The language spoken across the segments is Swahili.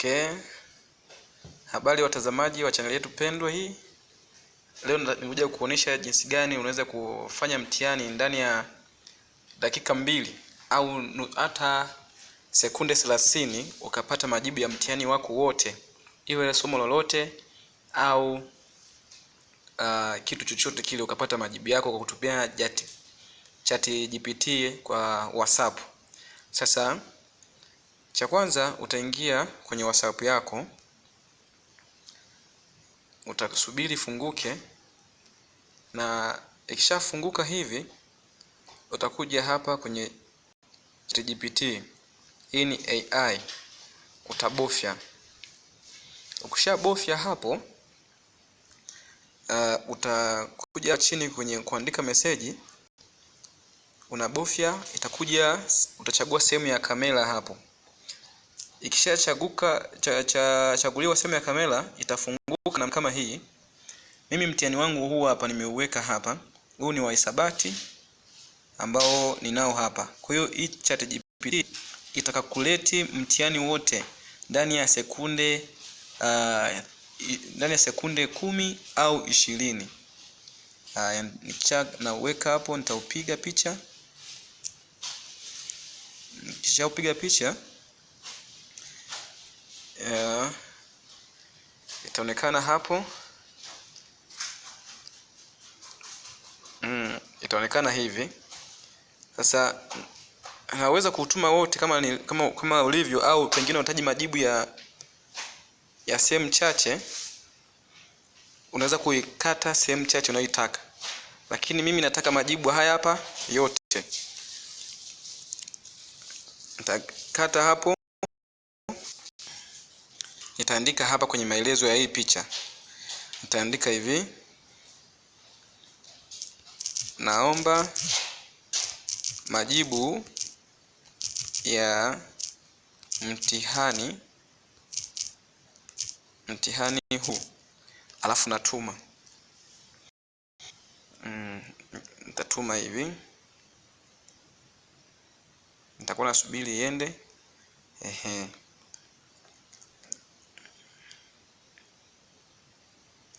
Okay. Habari watazamaji wa chaneli yetu pendwa hii. Leo nimekuja kuonyesha jinsi gani unaweza kufanya mtihani ndani ya dakika mbili au hata sekunde 30 ukapata majibu ya mtihani wako wote, iwe somo lolote au uh, kitu chochote kile, ukapata majibu yako kwa kutumia chat GPT kwa WhatsApp. Sasa cha kwanza utaingia kwenye WhatsApp yako, utasubiri funguke na ikishafunguka hivi utakuja hapa kwenye ChatGPT. Hii ni AI, utabofya. Ukishabofya hapo uh, utakuja chini kwenye kuandika meseji unabofya, itakuja utachagua sehemu ya kamera hapo ikishachaguka cha, cha, chaguliwa sehemu ya kamera itafunguka na kama hii. Mimi mtihani wangu huu hapa nimeuweka hapa, huu ni waisabati ambao ninao hapa. Kwa hiyo hii gpt itakakuleti mtihani wote ndani ya sekunde uh, ya sekunde kumi au ishirini. Ah, Haya, nauweka hapo, nitaupiga picha. Nikishaupiga picha yeah. itaonekana hapo mm, itaonekana hivi sasa naweza kuutuma wote kama, ni, kama kama ulivyo au pengine unahitaji majibu ya ya sehemu chache unaweza kuikata sehemu chache unayoitaka lakini mimi nataka majibu haya hapa yote nitakata hapo nitaandika hapa kwenye maelezo ya hii picha, nitaandika hivi, naomba majibu ya mtihani mtihani huu, alafu natuma mm, nitatuma hivi, nitakuwa nasubiri iende ehe.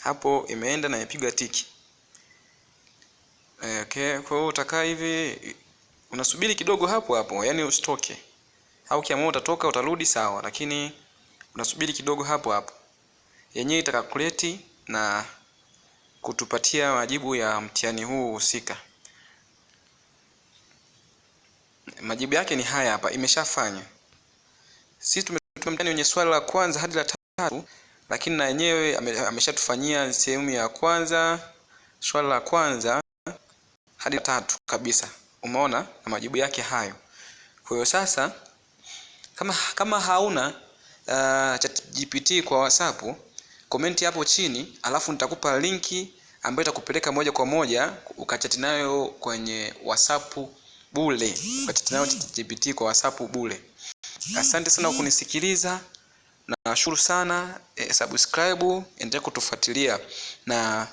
hapo imeenda na imepigwa tiki okay. Kwa hiyo utakaa hivi unasubiri kidogo hapo hapo, yani usitoke, au kiamua utatoka utarudi sawa, lakini unasubiri kidogo hapo hapo, yenyewe itakakuleti na kutupatia majibu ya mtihani huu husika. Majibu yake ni haya hapa, imeshafanya. Sisi tumetuma mtihani wenye swali la kwanza hadi la tatu lakini na yenyewe ameshatufanyia sehemu ya kwanza, swala la kwanza hadi tatu kabisa, umeona na majibu yake hayo. Kwa hiyo sasa kama, kama hauna uh, ChatGPT kwa WhatsApp, komenti hapo chini, alafu nitakupa linki ambayo itakupeleka moja kwa moja ukachati nayo kwenye WhatsApp bule ukachati nayo ChatGPT kwa WhatsApp bule Asante sana kwa kunisikiliza. Nawashukuru sana e, subscribe, endelea kutufuatilia na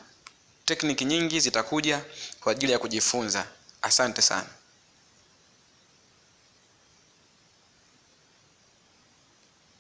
tekniki nyingi zitakuja kwa ajili ya kujifunza. Asante sana.